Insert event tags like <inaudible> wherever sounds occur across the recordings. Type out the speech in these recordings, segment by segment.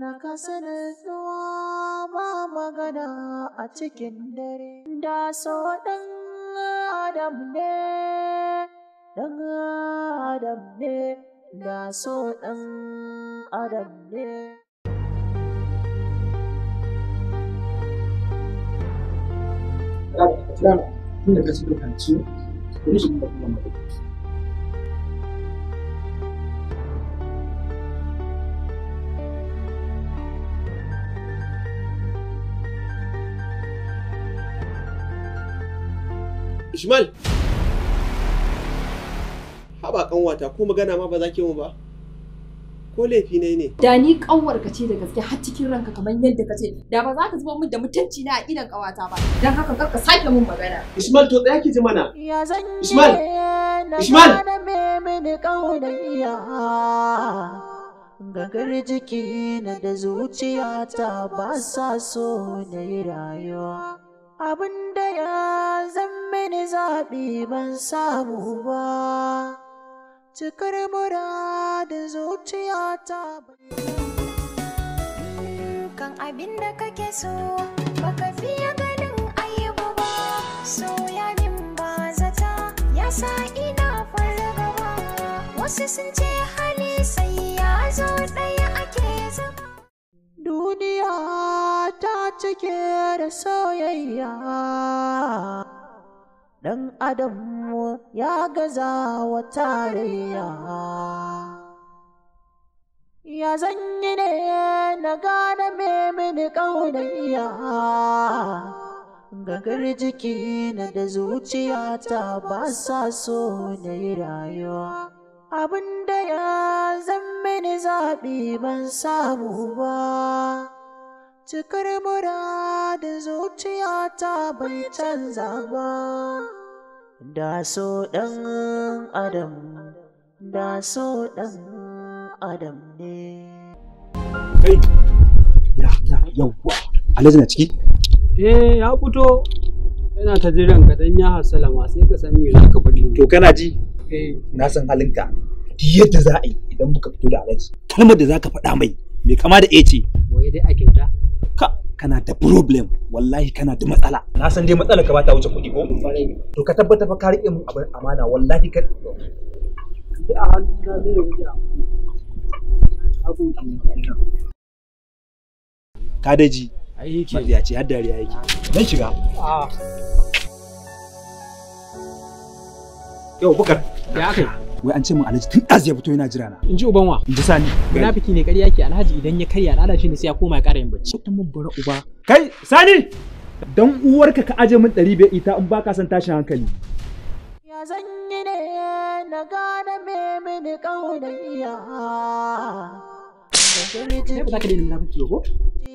na kasa nutsuwa ba magana a cikin dare da so ɗan adam ne ɗan adam ne da so ɗan adam ne Tunda ka ci dokanci, kuri shi ne kuma mutum. Ishmael! Haba kanwata ko magana ma ba za ki mu ba? Ko laifi ne ne? Da ni ka ce da gaske har cikin ranka kamar yadda ka ce da ba za ka zuba min da mutunci na a idan kawata ba. Dan haka kar ka sake min magana. Ishmael to tsaya ki ji mana. Ya zan Ishmael. Ishmael. Gagar jiki na da zuciyata ba sa so na yi rayuwa. abin da ya zan mani zaɓi ban samu ba cikar muradin zuciyata kan abin da kake so baka fiye ganin ayyubu ba soya min ba zata ya sa ina fargaba wasu sun ce hali sai ya zo ɗaya duniya ta cike da soyayya ɗan adam ya gaza wa tarayya ya zanyi ne na gane mini ƙaunayya gagar jiki na da zuciya ta ba sa so na yi rayuwa abin da ya zan mini zaɓi ban samu ba cikar muradin zuciyata bai canza ba da so ɗan adam da so ɗan adam ne kai ya ya yawwa alhaji na ciki eh ya fito yana ta jiran ka dan ya hasala ma sai ka san me za ka faɗi to kana ji na san halinka yadda za a yi idan muka fito da alaji kalmar da zaka faɗa mai mai kama da ce waye dai a kyauta ka kana da problem wallahi kana da matsala na san dai matsalar ka ba ta wuce kuɗi ko to ka tabbata fa ka riƙe mu abin amana wallahi ka zai wuce ka daji ai ya ce har dariya yake dan shiga ah. Yau bukar. Ya kai Wai an ce min Alhaji tun ɗazu ya fito yana jira na. In ji uban wa. In ji sani. Munafiki ne ƙarya ke Alhaji idan ya karya al'ada shi ne sai ya koma ya ƙara yin bacci. ta mun bara uba. Kai sani. Dan uwarka ka aje min ɗari bai ita in ba ka son tashin hankali. Ya zan yi ne na gane me mini ƙaunayya. Ne ba za ka daina ba ba na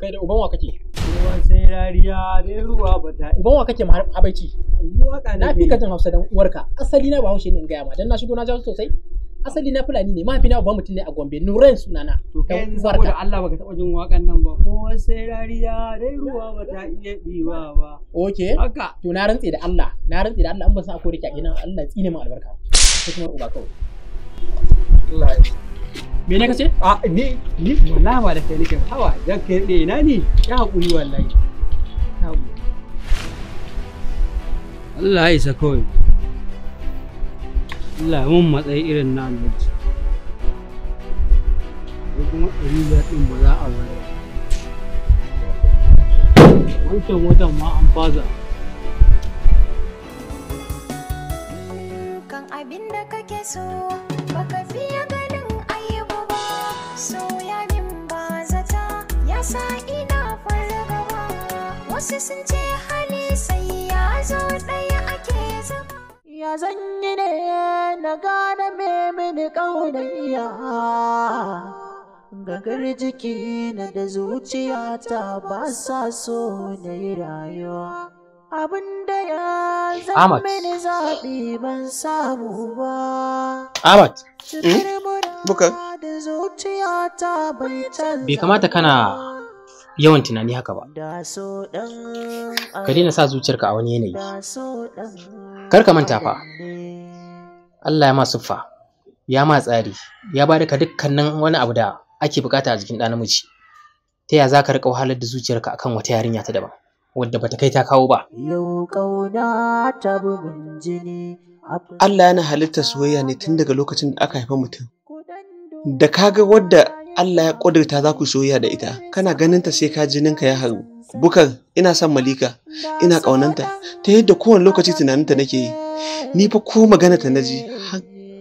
Kai da uban wa kake? sai rariya ne ruwa bata ban wa kake habaici na fi ka hausa dan uwarka asali na bahaushe ne in gaya ma dan na shigo na jawo sosai asali na fulani ne mahaifina ba mutum ne a gombe nuren sunana to kai saboda Allah baka taba jin wakan nan ba ko sai rariya dai ruwa iya ba okay haka to na rantse da Allah na da Allah an ban san akwai rike a gidan Allah tsine mu albarka ko kuma uba kawai Allah ya me ne ce? a ah, ni ni wallahi ba da kai nake hawa dan kai ne ina ni ya hakuri wallahi Allah ya isa kawai Allah mun matsayi irin na annabi ko kuma ɗari da ɗin ba za a ware wancan watan ma an faza kan abin da kake so baka fiye rasa ina fargaba wasu sun ce hali sai ya zo ɗaya ake zama ya zan yi ne na gane mai mini ƙaunayya gagar jiki na da zuciyata ba sa so na yi rayuwa abin da ya zan mini zaɓi ban samu ba Ahmad, eh? Buka. Bai kamata kana yawan tunani haka ba ka daina sa zuciyarka a wani yanayi kar ka manta fa Allah ya ma siffa ya ma tsari ya ba ka dukkanin wani abu da ake bukata a jikin ɗan namiji ta ya za ka riƙa wahalar da zuciyarka akan wata yarinya ta daban wadda bata kai ta kawo ba Allah yana halitta soyayya ne tun daga lokacin da aka haifa mutum da kaga wadda Allah ya ƙudurta za ku soyayya da ita kana ganinta sai ka jininka ya haru bukar ina son malika ina ƙaunanta ta yadda kowane lokaci tunaninta nake yi ni fa ko magana ta naji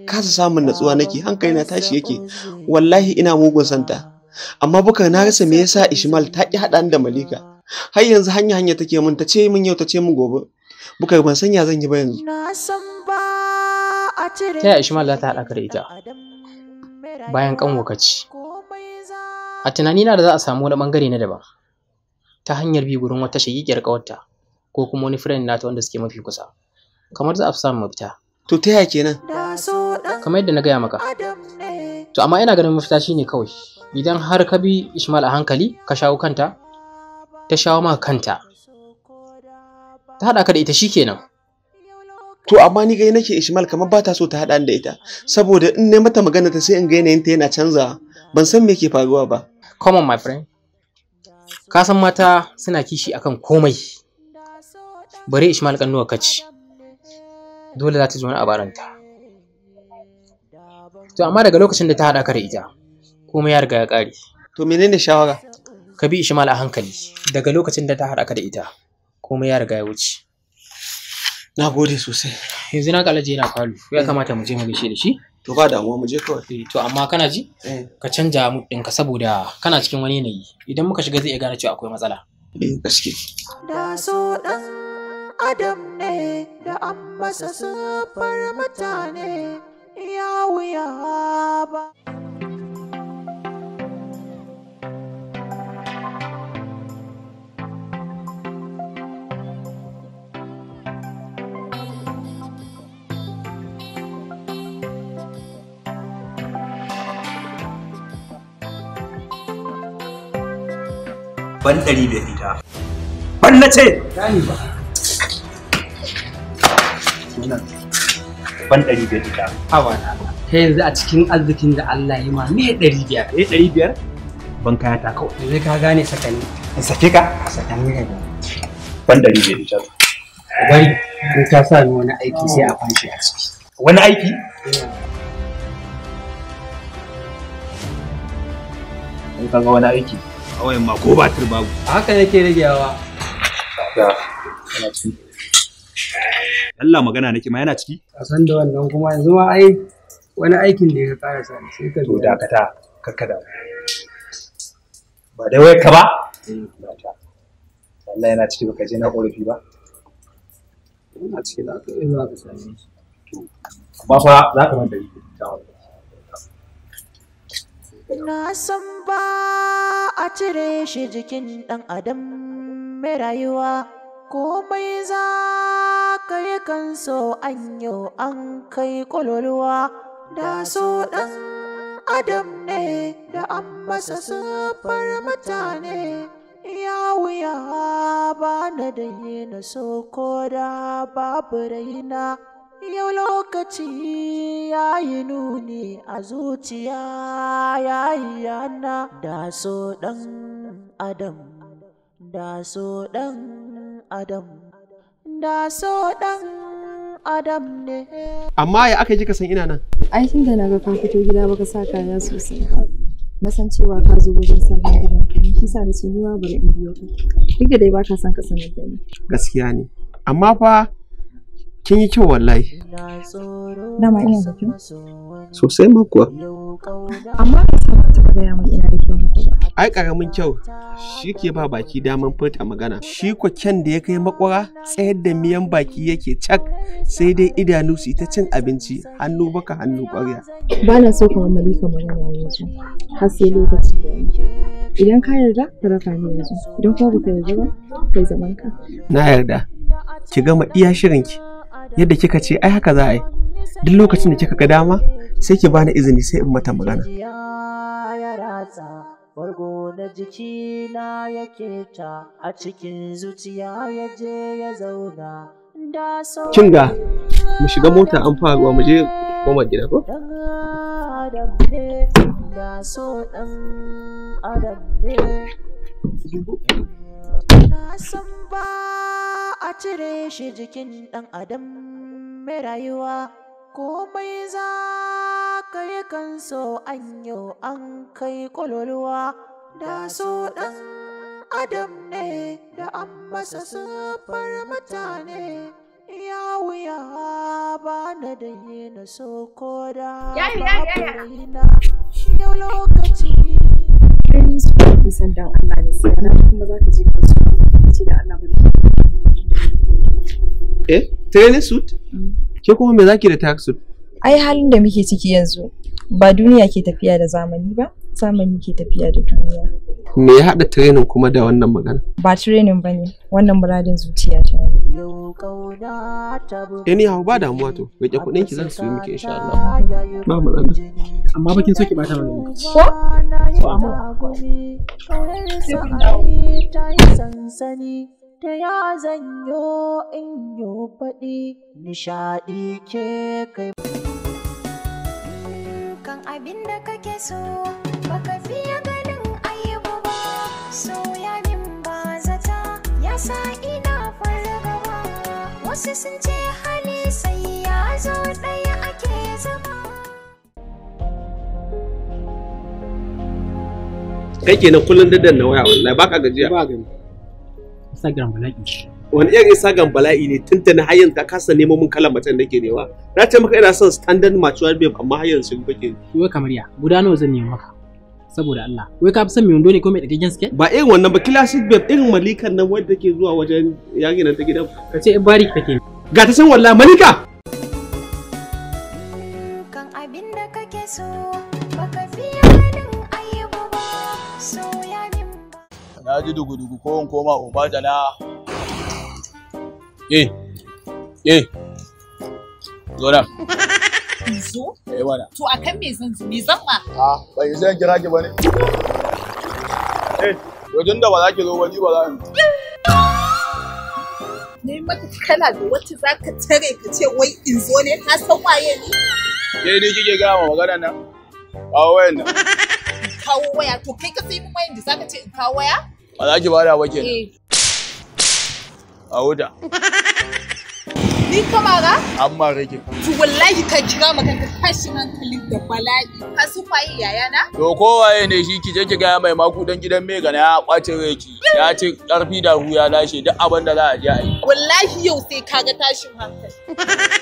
kasa samun natsuwa nake hankali na tashi yake wallahi ina mugun santa amma bukar na rasa me yasa Ishmal ta ki haɗa da malika har yanzu hanya hanya take mun ta ce min yau ta ce min gobe bukar ban sanya zan yi ba yanzu ta ya Ishmal za ta haɗa ka da ita bayan kan wakaci a tunanina da za a samu wani bangare na daban ta hanyar bi gurin wata shagigiyar kawarta ko kuma wani friend nata wanda suke mafi kusa kamar za a fi samun mafita to ta yaya kenan kamar yadda na gaya maka to amma ina ganin mafita shine kawai idan har ka bi ishmal a hankali ka shawo kanta ta shawo maka kanta ta haɗa ka da ita shikenan to amma ni gai nake ishmal kamar ba ta so ta haɗa da ita saboda in ne mata magana ta sai in ga ta yana canza ban san me ke faruwa ba common my friend ka san mata suna kishi akan komai bari ishmal kannuwa kaci dole za ta ji a baranta. to amma daga lokacin da ta hada kare da ita komai ya riga ya ƙare to menene shawara ka bi ishmal a hankali daga lokacin da ta hada kare da ita komai ya riga ya wuce na gode sosai yanzu na kalaje na falo ya kamata mu je mu gaishe da shi to ba damuwa mu je kawai eh, to amma kana ji eh. ka canja mu ɗinka saboda kana cikin wani yanayi idan muka shiga zai iya gane cewa akwai matsala eh gaske da so dan adam ne da an masa sufar mutane ya wuya ba ban ɗari da ita ban na ce ban ɗari da ita hawa na ta yanzu a cikin arzikin da Allah ya ma ne ɗari biyar ne ɗari biyar ban kaya ta kawai yanzu ka gane sakani in sake ka a sakani ka ban ɗari da ita bari in ta sa ni wani aiki sai a fashi a ciki wani aiki in ka ga wani aiki a ma ko batir babu haka yake ragewa Allah magana nake ma yana ciki a san da wannan kuma yanzu ma ai wani aikin da ya kara sa sai ka to dakata kakkada ba dai wai ka ba mm. Allah yana ciki baka je na ƙorafi ba yana ciki na aka yi za ka same shi ba fa za ka manta yi na san ba a cire shi jikin ɗan adam mai rayuwa komai za ka yi kanso an yi an kai ƙololuwa da so ɗan adam ne da an masa sufar mutane ya wuya ba na da yi na so ko da babu raina Yau lokaci ya yi nuni a zuciya ya yi yana da so ɗan adam, da so ɗan adam, da so ɗan adam ne. Amma ya aka ji ka san ina nan? Ai tun da na ga kan fito gida baka sa kaya sosai. Na san cewa ka zo wajen sabon gidan ka, shi sa ni sun ma bari in biyo ka. Duk da dai ba ka san ka sanar da ni. Gaskiya ne. Amma fa kin yi kyau wallahi dama ina da kyau sosai ma kuwa amma ba san ta gaya min ina da kyau ai karamin kyau shi ke ba baki daman furta magana shi ko ken da ya kai makwara tsayar da miyan baki yake cak sai dai idanu su ta cin abinci hannu baka hannu ƙwarya. ba na so ka mamali ka magana yanzu har sai lokaci idan ka yarda ka raka ni yanzu idan kuma ba ka yarda ba kai zaman ka na yarda ki gama iya shirinki yadda kika ce ai haka za a yi duk lokacin da kika ga dama sai ki bani izini sai in mata magana Bargo na a cikin zuciya ya je ya zauna da Kin ga mu shiga mota an faruwa mu je koma gida ko? da so ɗan adam ne. Na adam ba a cire shi jikin ɗan adam mai rayuwa komai za ka yi kanso an yau an kai kololuwa da so ɗan adam ne da an masa siffar mutane ya wuya ba na da yi na so ko da ba na yau lokaci Kai ni su ne san dan Allah ne sai na kuma za ka je ka so ce da Allah ba eh training suit mm. ke kuma me zaki da tax suit ai halin da muke ciki yanzu ba duniya ke tafiya da zamani ba zamani ke tafiya da duniya me ya haɗa training kuma da wannan magana ba training bane wannan muradin zuciya ta ne ni hau ba damuwa to rike kuɗin ki zan yi miki insha Allah ba mu da. amma bakin so ki bata mana lokaci ko ko amma sai kun dawo ta ya zanyo in yo faɗi nishaɗi ke kai. Kan abin da kake so baka fiye ganin ayyubu ba, ya min ba zata ya sa ina fargaba. Wasu sun ce hali sai ya zo ɗaya ake zama. Kai kenan kullum daddan na waya wallahi baka gajiya. Ba gajiya. Instagram bala'i ce. Wani irin Instagram bala'i ne tuntun har ta kasa nemo mun kalan macen da ke newa. Na ce maka ina son standard mature babe amma hayan sun kake. Wai kamar ya guda nawa zan nemi maka. Saboda Allah, wai ka fi son miyondo wando ne ko mai dagaggen suke? Ba irin wannan ba classic babe irin malikan nan wadda ke zuwa wajen yaƙi nan ta gidan. Ka ce Bari ka ke. Ga ta san wallahi malika. Kan abin da kake so. na ji dugu-dugu ko in koma uba da na eh eh zo nan <laughs> eh wala to akan me zan me zan ma a bai zan kira ki bane eh yau da ba za ki zo wani ba za ni ne maka kana da wacce za ka tare ka ce wai in zo ne ka san waye ni? Ke ni kike ga ma magana nan? Kawo wayan nan. <laughs> Kawo waya to kai ka sai min wayan da za ka ce in kawo waya? Ba za ki bada ba kenan. Eh. A huta. <laughs> Ni ka mara? An mara ki. To wallahi ka kira maka ka tashi hankali da bala'i. Ka su fayi yaya na? To waye ne shi ki je ki gaya mai maku dan gidan Mega na ya kwace reki. Ya ci karfi da hu ya lashe duk abin da za a je a yi. Wallahi yau sai ka ga tashin hankali.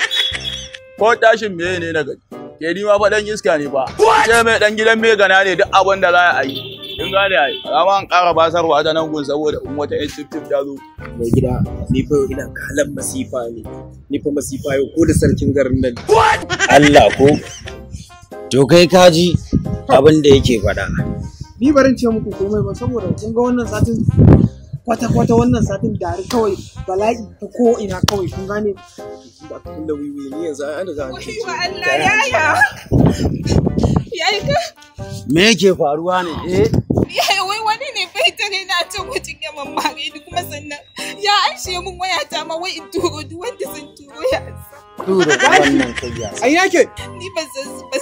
Ko tashin meye ne na gani? Ke ni ma fa dan iska ne fa. Ce mai dan gidan Mega na ne duk abin da za a yi. Kun gane ai, amma an ƙara basarwa da nan gun saboda in wata ƴan tif ta zo. Mai gida, ni fa ina kalan masifa ne. Ni fa masifa yau ko da sarkin garin nan. Allah ko. To kai kaji abin da yake faɗa. Ni barin ce muku komai ba saboda kun ga wannan satin kwata-kwata wannan satin gari kawai bala'i ta ko ina kawai kun gane ba ta da wiwi ne yanzu an riga an ce Allah yaya yaya me yake faruwa ne eh yaya eh, wai wani ne bai tare na cin wajen ya mare ni kuma sannan ya anshe mun waya ta ma wai in turo duk wanda zan turo ya turo wannan kai ya ai yake ni ba zan ba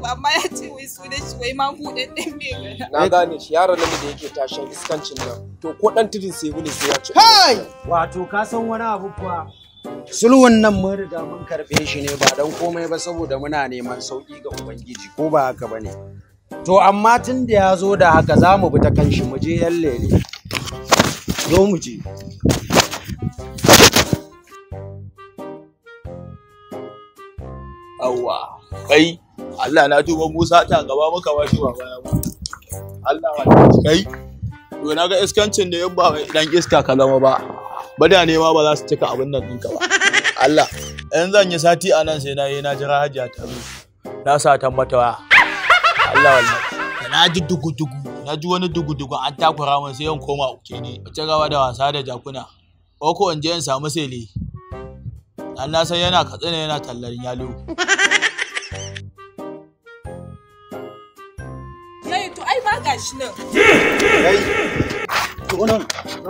ba amma ya ce wai su da wai ma buɗaɗɗen mai gana. Na eh. gane shi yaron nan da yake tashin iskancin nan to ko ɗan tudun sai gune sai ya ce. Kai! Wato ka san wani abu kuwa sulwan nan mun riga mun karɓe shi ne ba don komai ba saboda muna neman sauƙi ga Ubangiji ko ba haka ba ne. To amma tun da ya zo da haka za mu bi ta kan shi mu je yan lele. Zo mu je. Awwa, kai. Allah na tuba Musa ta gaba muka bashi ba baya ba Allah wa kai to na ga iskancin da yabba mai dan iska ka zama ba bada ne ma ba za su cika abin nan ɗinka ba Allah Yan zan yi sati a nan sai na yi na jira hajiya ta zo na sa ta mata waya Allah wallahi na ji dugu dugu na ji wani dugu dugu an takura min sai yan koma uke ne ci gaba da wasa da jakuna ko ko in je in samu sele Allah sai yana katsina yana tallar yalo ma ga shi nan.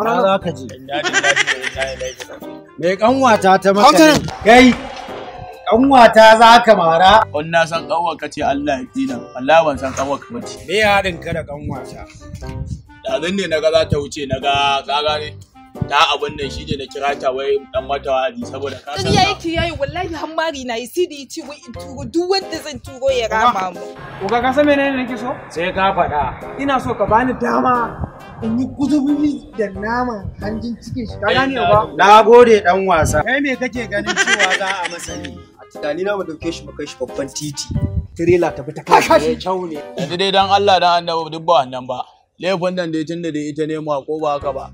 Na za ka ji. Mai ƙanwata ta maka ne. Kai. Kanwata za ka mara. On na san kanwa ka ce Allah ya tsina. Allah ban san kanwa ka bace. Me ya haɗin ka da kanwata? Da zan ne na ga za ta wuce na ga ka gane. Da abin nan shi ne na kira ta wai dan mata wadi saboda ka san yayi ki yayi wallahi hammari na yi sidi da wai in turo duk wanda zan turo ya rama mu ko ka san menene nake so sai ka faɗa ina so ka bani dama in yi kuzumi da nama hanjin cikin shi ka gane ba na gode dan wasa kai me kake ganin cewa za a masani a tunani na mu dauke shi mu kai shi babban titi tirela ta bi ta kashe kyau ne yanzu dai dan Allah dan annabi duk ba wannan ba laifin nan dai tunda dai ita ne ma ko ba haka ba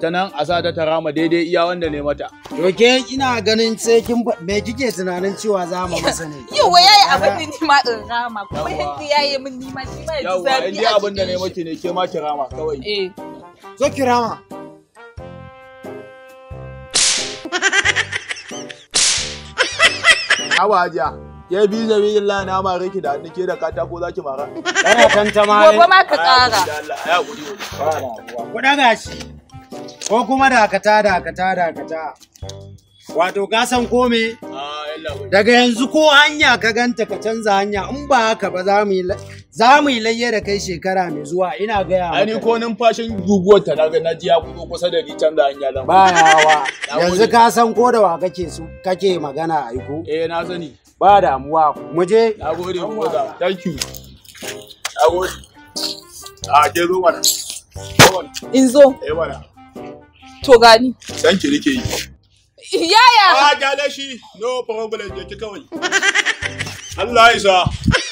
ta nan a sa ta tarama daidai iya wanda ne mata. To ina ganin sai kin me kike tunanin cewa za mu masa ne. <laughs> Yawa yayi abin da ni ma in rama kuma yadda yayi min ni ma shi ma yanzu zafi. Yawa indai abin da ne mace ne ke ma kirama kawai. Eh. Zo rama. Awa <laughs> hajiya. Ke bi da bi Allah na ma riki da hannu ke da katako zaki mara. Kana tantama ne. Gobe ma ka tsara. Ya guri. Kuɗa gashi. ko kuma dakata dakata dakata wato ka san kome ah, daga yanzu ko hanya ka ganta ka canza hanya in ba haka ba za mu yi layya da kai shekara mai zuwa ina gaya maka ani ko numfashin guguwar ta daga na ji ya kudo kusa da ni canza hanya dan ba yawa <laughs> yanzu ka san ko da wa kake su kake magana aiko eh na sani ba damuwa mu je nagode mu da thank you nagode a ah, ke zo mana in zo eh mana To gani. Sanki ki nake yi. Yaya. Ah, gale shi. No problem, je ki kawai. <laughs> Allah ya isa.